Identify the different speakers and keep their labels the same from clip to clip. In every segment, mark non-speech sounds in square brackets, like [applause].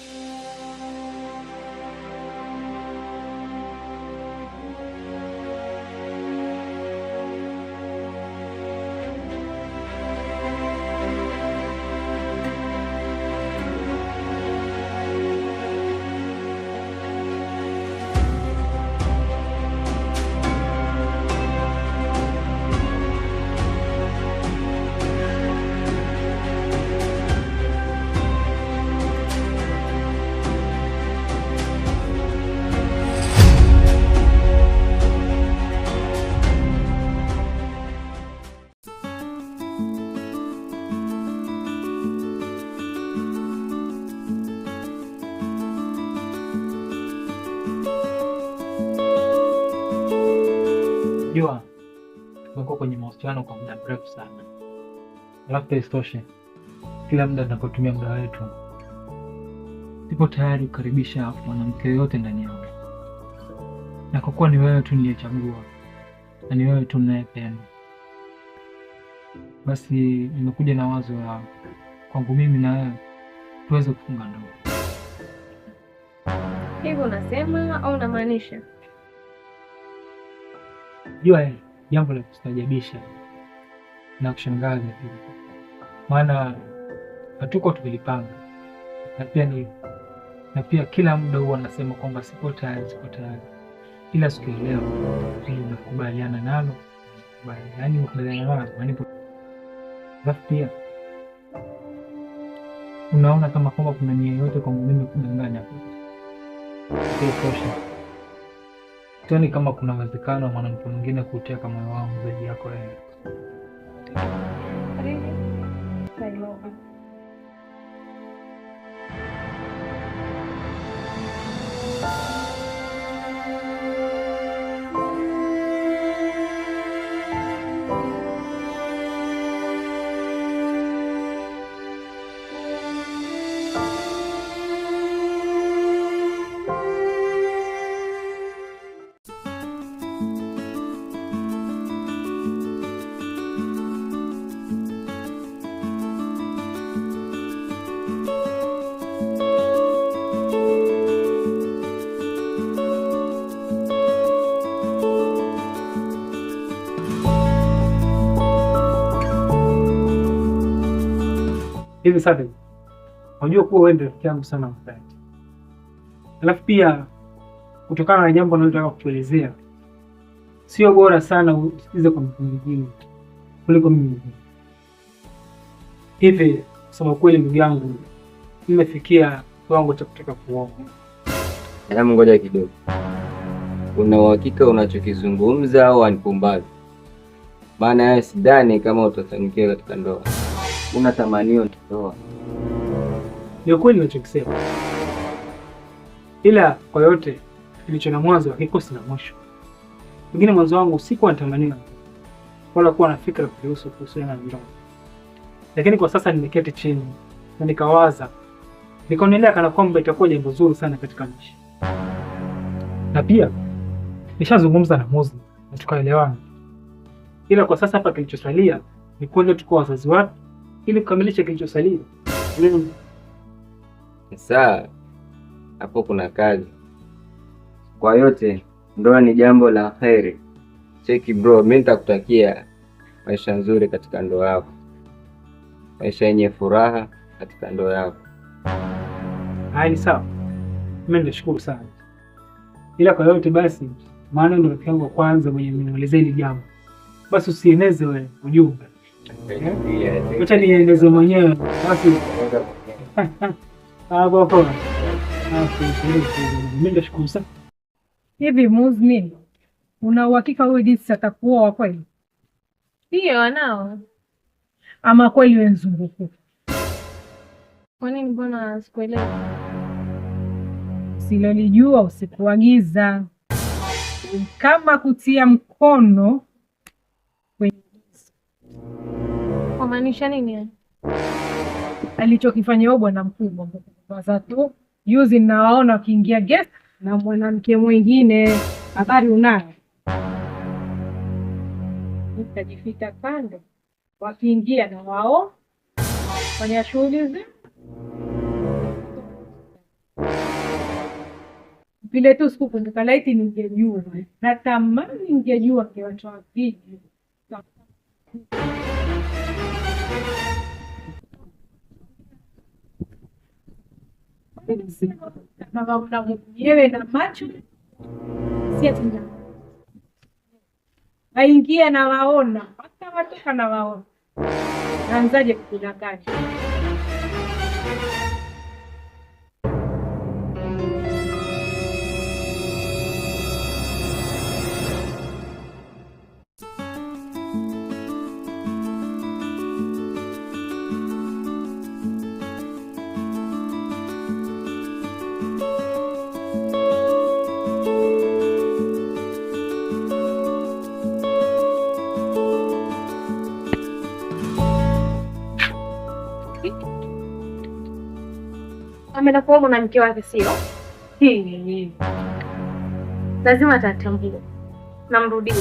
Speaker 1: you tumekuwa kwenye mahusiano kwa muda mrefu sana, alafu isitoshe kila muda tunapotumia muda wetu, sipo tayari kukaribisha mwanamke yoyote ndani yangu, na kwa kuwa ni wewe tu niliyechagua na ni wewe tu ninayependa, basi nimekuja na wazo la kwangu mimi na wewe tuweze kufunga ndoa.
Speaker 2: Hivyo unasema au unamaanisha?
Speaker 1: Jua hili jambo la kustajabisha na kushangaza pia, maana hatuko tumelipanga, na pia ni na pia kila muda huwa anasema kwamba siko tayari, siko tayari, ila siku ya leo nimekubaliana yaani nalo, yaani nalo Alafu pia unaona kama kwamba kuna nia yote kwangu mimi kudanganya, sio Sioni kama kuna uwezekano mwanamke mwingine kuuteka moyo wangu zaidi yako wewe. hivi sasa, unajua kuwa wewe ndio rafiki yangu sana wakati. Alafu pia kutokana na jambo nalotaka kukuelezea, sio bora sana usikize kwa mtu mwingine kuliko mimi. Hivi kusema kweli, ndugu yangu, nimefikia kiwango cha kutaka kuoa.
Speaker 3: Hebu ngoja kidogo, una uhakika unachokizungumza au anipumbazi? Maana sidhani kama utafanikiwa katika ndoa una tamanio ndoa.
Speaker 1: Ni ukweli unachokisema, ila kwa yote kilicho na mwanzo hakikosi na mwisho. Pengine mwanzo wangu sikuwa natamanio wala kuwa na fikra kuhusu kuhusiana na ndoa, lakini kwa sasa nimeketi chini na nikawaza, nikaonelea kana kwamba itakuwa jambo zuri sana katika maisha, na pia nishazungumza na Muzi na tukaelewana, ila kwa sasa hapa kilichosalia ni kwenda tukuwa wazazi wake ili kukamilisha kilichosalia. Mm.
Speaker 3: Saa hapo kuna kazi. Kwa yote, ndoa ni jambo la heri. Cheki bro, mi nitakutakia maisha nzuri katika ndoa yako, maisha yenye furaha katika ndoa yako.
Speaker 1: Haya, ni sawa, Mimi nashukuru sana, ila kwa yote basi, maana ndio rafiki yangu wa kwanza mwenye nimeelezea hili jambo, basi usieneze wewe ujumbe Eh, Acha mwenyewe [laughs] ah, ah, Mimi sana.
Speaker 4: Hivi Muzmi, una uhakika huyu jinsi atakuoa kweli?
Speaker 2: Ndiyo, anao.
Speaker 4: Ama kweli wewe mzunguko?
Speaker 2: Kwa nini? Mbona sikuelewa?
Speaker 4: Usilolijua usikuagiza. Kama kutia mkono
Speaker 2: Unamaanisha nini?
Speaker 4: Alichokifanya huyo bwana mkubwa sasa tu juzi, nawaona wakiingia guest na mwanamke mwingine. Habari unayo? Utajifita kando, wakiingia na wao fanya shughuli zao vile tu. Sikukumbuka, laiti ningejua, natamani ningejua kiwatoa viji yewe na macho waingia na waona, hata watoka na waona, naanzaje kudanganya?
Speaker 2: amenakuwa mwanamke wake, sio
Speaker 4: hii
Speaker 2: Lazima atatambua, namrudia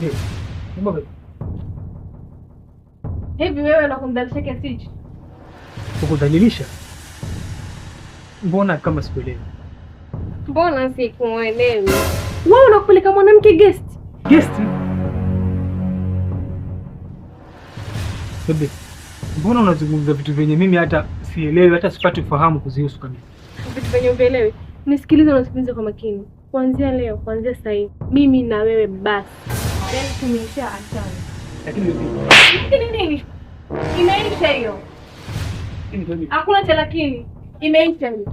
Speaker 1: hivi.
Speaker 2: hivi wewe unakumdhalilisha kiasi hichi?
Speaker 1: Kukudhalilisha? Mbona kama sikuelewi?
Speaker 2: Mbona sikuelewi? Wewe unakupeleka mwanamke guest.
Speaker 1: Guest? Bebe, mbona unazungumza vitu vyenye mimi hata sielewi hata sipati ufahamu kuzihusu kabisa.
Speaker 2: Vitu vyenye uelewi. Nisikilize, unasikiliza kwa makini. Kuanzia leo, kuanzia sasa hivi, mimi na wewe basi then tumeisha achana, lakini nini imeisha hiyo, hakuna cha lakini, imeisha hiyo.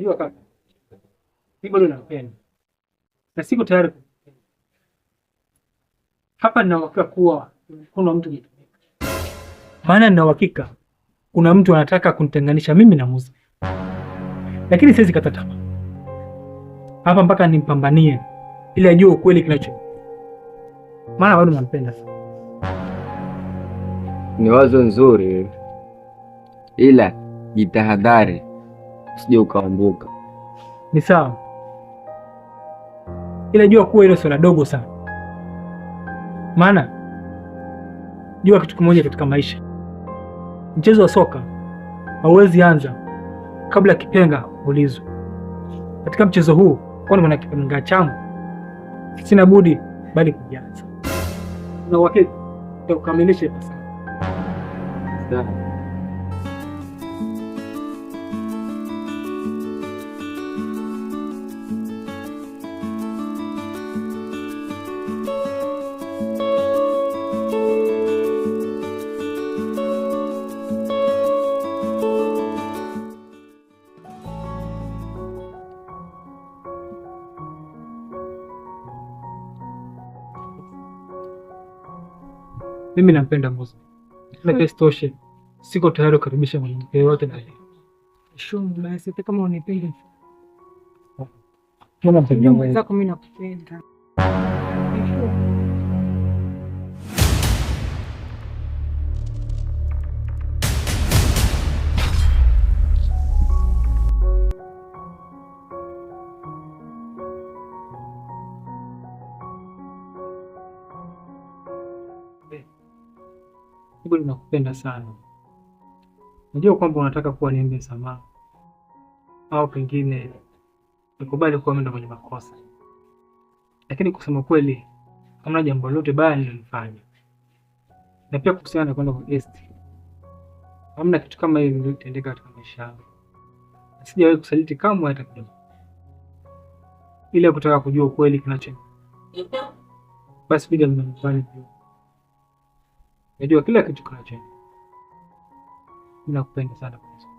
Speaker 1: Unajua kaka, mimi bado nakupenda na siko tayari. Hapa nina uhakika kuwa kuna mtu jitumika, maana nina uhakika kuna mtu anataka kunitenganisha mimi na Musa, lakini siwezi kata tamaa hapa mpaka nimpambanie ili ajue ukweli kinacho, maana bado nampenda sana.
Speaker 3: Ni wazo nzuri, ila jitahadhari usije ukaumbuka.
Speaker 1: Ni sawa, ila jua kuwa hilo swala dogo sana, maana jua kitu kimoja katika maisha, mchezo wa soka hauwezi anza kabla kipenga ulizo Katika mchezo huu kwani mwana kipenga changu sina budi bali kujaza na uhakika utakamilisha
Speaker 3: ipasavyo.
Speaker 1: Mimi nampenda Mozi, na kesi toshe, siko tayari kukaribisha mwanamke yoyote na yeye.
Speaker 4: basi, Kama unipende mimi nakupenda.
Speaker 1: kweli nakupenda sana. Najua kwamba unataka kuwa niende samaa au pengine nikubali kuwa mimi ndo mwenye makosa, lakini kusema kweli hamna jambo lolote baya nilifanya. na pia kuhusiana na kwenda kwa guest, hamna kitu kama hiyo nilitendeka katika maisha yangu. Sijawahi kusaliti kamwe hata kidogo, Ile kutaka kujua kweli kinacho basi piga manyumbani Najua kila kitu kinachoenda. Ninakupenda sana Vanessa.